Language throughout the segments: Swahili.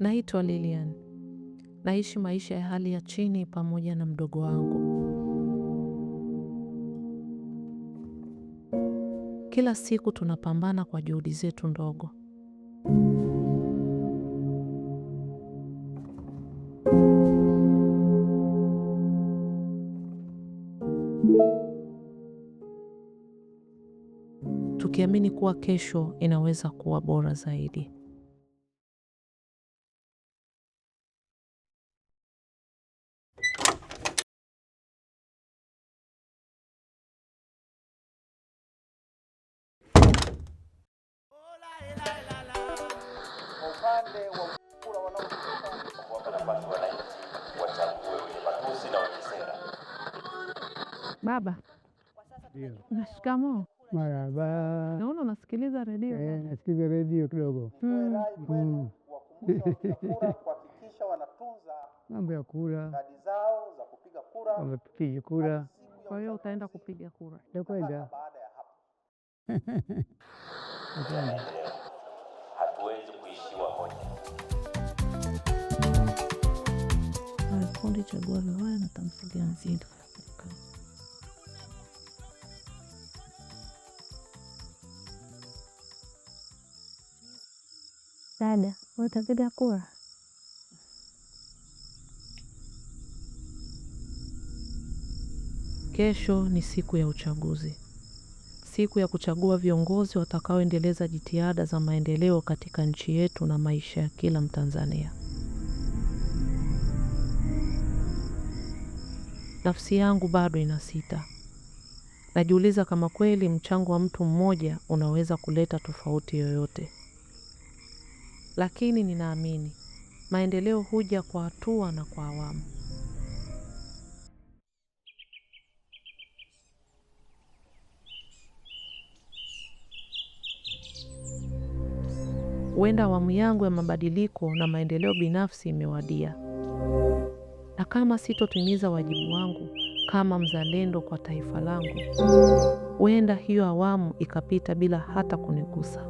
Naitwa Lilian. Naishi maisha ya hali ya chini pamoja na mdogo wangu. Kila siku tunapambana kwa juhudi zetu ndogo. Tukiamini kuwa kesho inaweza kuwa bora zaidi. Baba. upande wa kura wanaotumika na Naona unasikiliza redio. Eh, nasikiliza redio kidogo. Mm. Mm. Kuhakikisha wanatunza mambo ya kura, kadi zao za kupiga kura, wamepiga kura. Kwa hiyo utaenda kupiga kura? Nitakwenda baada ya hapo. pamoja. Kundi Chagua Riwaya na Tamthilia Nzito. Dada, utapiga kura? Kesho ni siku ya uchaguzi siku ya kuchagua viongozi watakaoendeleza jitihada za maendeleo katika nchi yetu na maisha ya kila Mtanzania. Nafsi yangu bado ina sita Najiuliza kama kweli mchango wa mtu mmoja unaweza kuleta tofauti yoyote. Lakini ninaamini maendeleo huja kwa hatua na kwa awamu. huenda awamu yangu ya mabadiliko na maendeleo binafsi imewadia, na kama sitotimiza wajibu wangu kama mzalendo kwa taifa langu, huenda hiyo awamu ikapita bila hata kunigusa.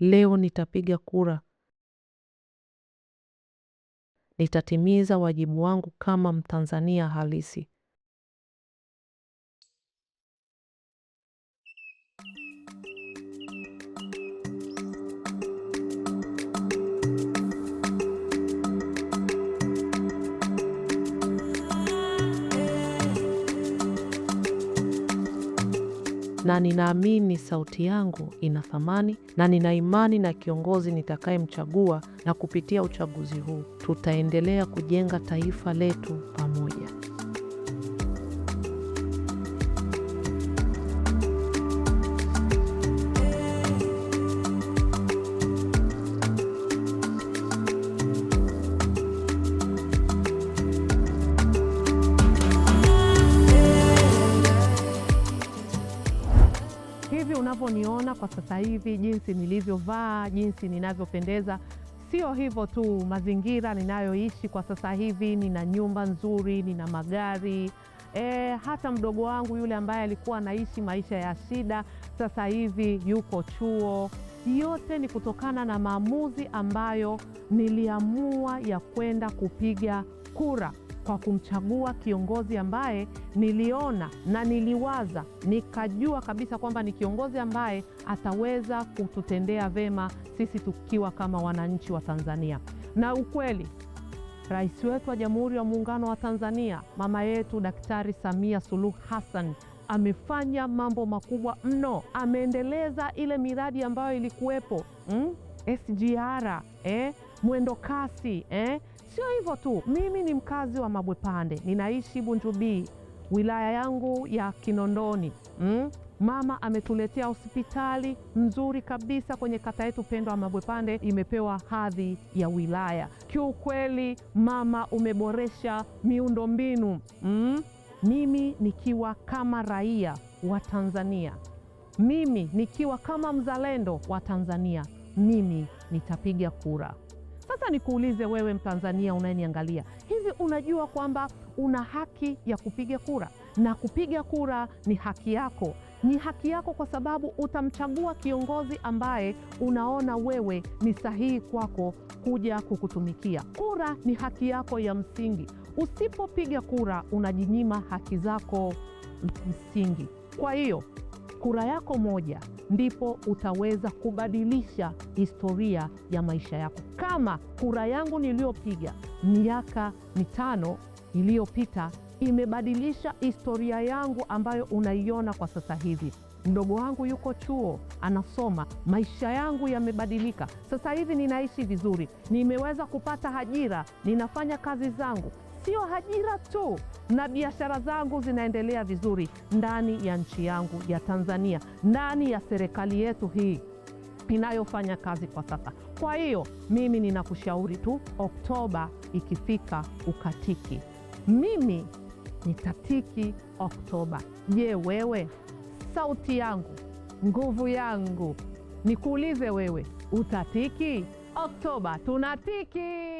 Leo nitapiga kura nitatimiza wajibu wangu kama Mtanzania halisi. na ninaamini sauti yangu ina thamani na nina imani na kiongozi nitakayemchagua, na kupitia uchaguzi huu tutaendelea kujenga taifa letu pamoja. hivi unavyoniona kwa sasa hivi, jinsi nilivyovaa, jinsi ninavyopendeza, sio hivyo tu. Mazingira ninayoishi kwa sasa hivi, nina nyumba nzuri, nina magari e, hata mdogo wangu yule ambaye alikuwa anaishi maisha ya shida sasa hivi yuko chuo. Yote ni kutokana na maamuzi ambayo niliamua ya kwenda kupiga kura kwa kumchagua kiongozi ambaye niliona na niliwaza nikajua kabisa kwamba ni kiongozi ambaye ataweza kututendea vema sisi tukiwa kama wananchi wa Tanzania. Na ukweli rais wetu wa Jamhuri ya Muungano wa Tanzania, mama yetu Daktari Samia Suluhu Hassan amefanya mambo makubwa mno, ameendeleza ile miradi ambayo ilikuwepo mm? SGR eh? mwendo kasi eh? Sio hivyo tu, mimi ni mkazi wa Mabwepande, ninaishi Bunjubii, wilaya yangu ya Kinondoni mm? Mama ametuletea hospitali nzuri kabisa kwenye kata yetu pendwa Mabwepande, imepewa hadhi ya wilaya. Kiukweli mama, umeboresha miundombinu mm? Mimi nikiwa kama raia wa Tanzania, mimi nikiwa kama mzalendo wa Tanzania, mimi nitapiga kura. Nataka nikuulize wewe Mtanzania unayeniangalia hivi, unajua kwamba una haki ya kupiga kura na kupiga kura ni haki yako. Ni haki yako kwa sababu utamchagua kiongozi ambaye unaona wewe ni sahihi kwako kuja kukutumikia. Kura ni haki yako ya msingi. Usipopiga kura unajinyima haki zako msingi. Kwa hiyo Kura yako moja ndipo utaweza kubadilisha historia ya maisha yako. Kama kura yangu niliyopiga miaka mitano iliyopita imebadilisha historia yangu ambayo unaiona kwa sasa hivi. Mdogo wangu yuko chuo anasoma, maisha yangu yamebadilika. Sasa hivi ninaishi vizuri, nimeweza kupata ajira, ninafanya kazi zangu sio ajira tu, na biashara zangu zinaendelea vizuri ndani ya nchi yangu ya Tanzania, ndani ya serikali yetu hii inayofanya kazi kwa sasa. Kwa hiyo mimi ninakushauri tu, Oktoba ikifika ukatiki. Mimi nitatiki Oktoba. Je, wewe? Sauti yangu, nguvu yangu, nikuulize wewe, utatiki Oktoba? Tunatiki.